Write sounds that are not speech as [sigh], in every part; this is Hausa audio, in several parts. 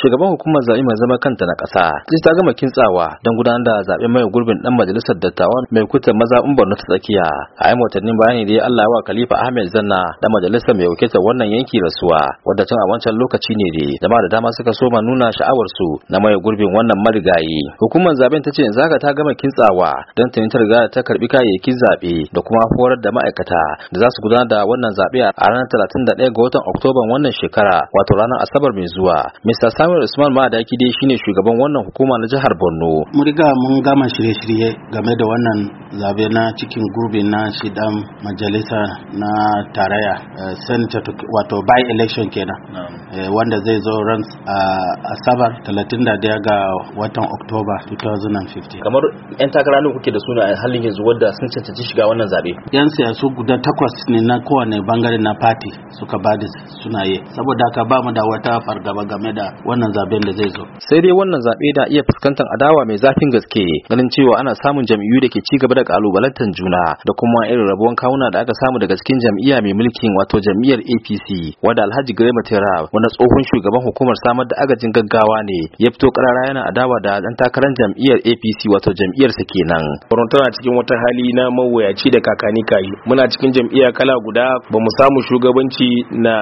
shugaban hukumar zaɓe mai zama kanta na ƙasa sai ta gama kintsawa don gudanar da zaɓe mai gurbin ɗan majalisar dattawan mai kutar mazaɓin borno ta tsakiya a yan watannin bayani da ya allah wa khalifa ahmed zanna ɗan majalisar mai wakiltar wannan yanki rasuwa wadda tun a wancan lokaci ne da dama da dama suka soma nuna sha'awar su na mai gurbin wannan marigayi hukumar zaɓen ta ce yanzu haka ta gama kintsawa don ta ta ta karɓi kayayyakin zaɓe da kuma horar da ma'aikata da za su gudanar da wannan zaɓe a ranar 31 ga watan oktoban wannan shekara wato ranar asabar mai zuwa mr Ahmed Usman Madaki dai shine shugaban wannan hukuma na jihar Borno. Mun riga mun gama shirye-shirye game da wannan zabe na cikin gurbi na shidan majalisa na tarayya eh, senator wato by election kenan eh, wanda zai zo ran asabar 31 ga watan oktoba 2015 kamar yan takara ne kuke da suna a halin yanzu wadda sun cancanci shiga wannan zabe yan siyasu guda takwas ne na kowane bangare na party suka ba da sunaye saboda haka ba mu da wata fargaba game da wannan zaben da zai zo sai dai wannan zabe da iya fuskantar adawa mai zafin gaske ganin cewa ana samun jam'iyyu da ke ci gaba da kalubalantar juna da kuma irin rabuwan kawuna da aka samu daga cikin jam'iyya mai mulkin wato jam'iyyar APC wanda Alhaji Grema Tera wanda tsohon shugaban hukumar samar da agajin gaggawa ne ya fito karara yana adawa da dan takarar jam'iyyar APC wato jam'iyyar sa kenan. Borno tana cikin wata hali na mawuyaci da kakani kayi. Muna cikin jam'iyya kala guda ba mu samu shugabanci na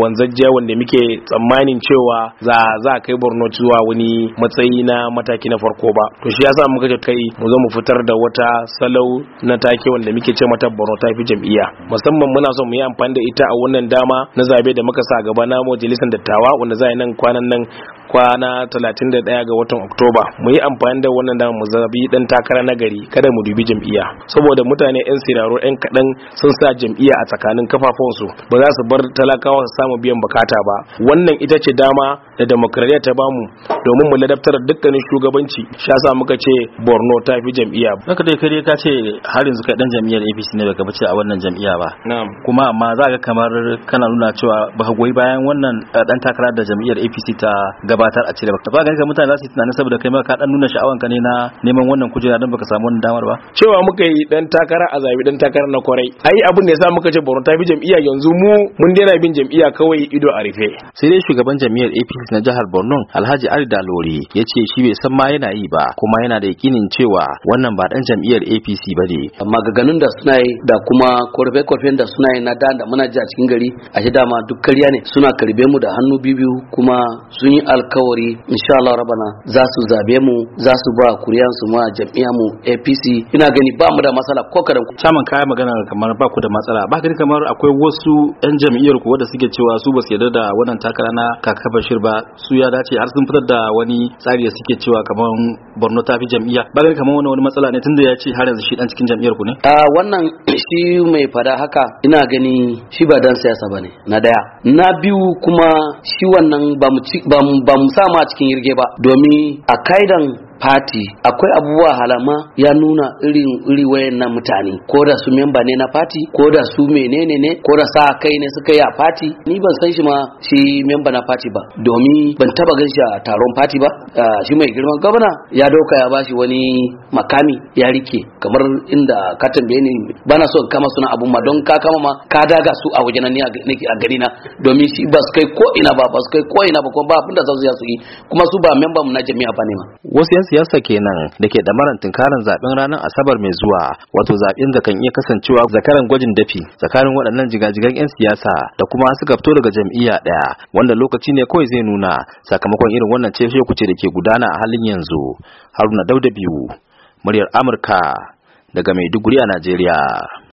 wanzajjiya wanda muke tsammanin cewa za za kai Borno zuwa wani matsayi na mataki na farko ba. To shi yasa muka kai mu zo mu fitar da wata ta salau na take wanda muke ce mata boro ta fi jam'iyya musamman muna son mu yi amfani da ita a wannan dama na zabe da muka sa gaba na majalisar dattawa wanda za nan kwanan nan kwana 31 ga watan oktoba mu yi amfani da wannan dama mu zabi dan takara na gari kada mu dubi jam'iyya saboda mutane yan siraro yan kaɗan sun sa jam'iyya a tsakanin kafafunsu ba za su bar talakawa su samu biyan bukata ba wannan ita ce dama da demokradiyya ta bamu domin mu ladabtar dukkanin shugabanci shi yasa muka ce borno ta fi jam'iyya haka dai kare ka ce har yanzu kai dan jam'iyyar apc ne baka bace a wannan jam'iyya ba kuma amma za ka kamar kana nuna cewa ba goyi bayan wannan dan eh, takara da jam'iyyar apc ta gabatar a cire baka ba ganin mutane za su yi tunanin saboda kai ma ka dan nuna sha'awan ka ne na neman wannan kujera don baka samu wannan damar ba cewa muka yi dan takara a zabi dan takara na kwarai ai abin da yasa muka ce Borno ta bi jam'iyya yanzu mu mun daina bin jam'iyya kawai ido a rufe sai dai shugaban jam'iyyar APC na jihar Borno Alhaji Ali Dalori ya ce shi bai san ma yana yi ba kuma yana da yakinin cewa wannan ba dan jam'iyyar APC ba ga ganin da suna yi da kuma korfe-korfen da suna yi na da da muna ji a cikin gari a dama duk karya ne suna karbe mu da hannu bibiyu kuma sun yi al alkawari insha Allah rabana za su zabe mu za su ba kuriyan su ma jam'iyyar mu APC ina gani ba mu da matsala ko kadan ku chairman kai magana kamar ba ku da matsala ba gani kamar akwai wasu yan jami'ar ku wanda suke cewa su ba su yarda da wannan takara na kaka Bashir ba su ya dace har sun fitar da wani tsari da suke cewa kamar Borno ta fi jami'a ba gani kamar wannan wani matsala ne tunda ya ce har yanzu shi dan cikin jami'ar ku ne a wannan [clears throat] shi mai fada haka ina gani shi ba dan siyasa bane na daya na biyu kuma shi wannan ba mu ba ba mu sa ma cikin yirge ba domin a kaidan fati akwai abubuwa halama ya nuna irin iri wayannan mutane ko da su memba ne na fati ko da su menene ne ko da sa kai ne suka yi a fati ni ban san shi ma shi memba na fati ba domin ban taba gan shi a taron fati ba shi mai girman gwamna ya doka ya bashi wani makami ya rike kamar inda ka tambaye ni bana so kama suna abun ma don ka kama ma ka daga su a wajen ne a gari na domin shi ba su kai ko ina ba ba su kai ko ina ba kuma ba abin da za su yi kuma su ba memba na jami'a ba ne ma wasu siyasa kenan da ke damaran tunkarin zaben ranar asabar mai zuwa wato zaben da kan iya kasancewa zakaran gwajin dafi tsakanin waɗannan jigajigan 'yan siyasa da kuma suka fito daga jam'iyya ɗaya wanda lokaci ne kawai zai nuna sakamakon irin wannan cefe kuce da ke gudana a halin yanzu haruna dauda biyu muryar amurka daga maiduguri a najeriya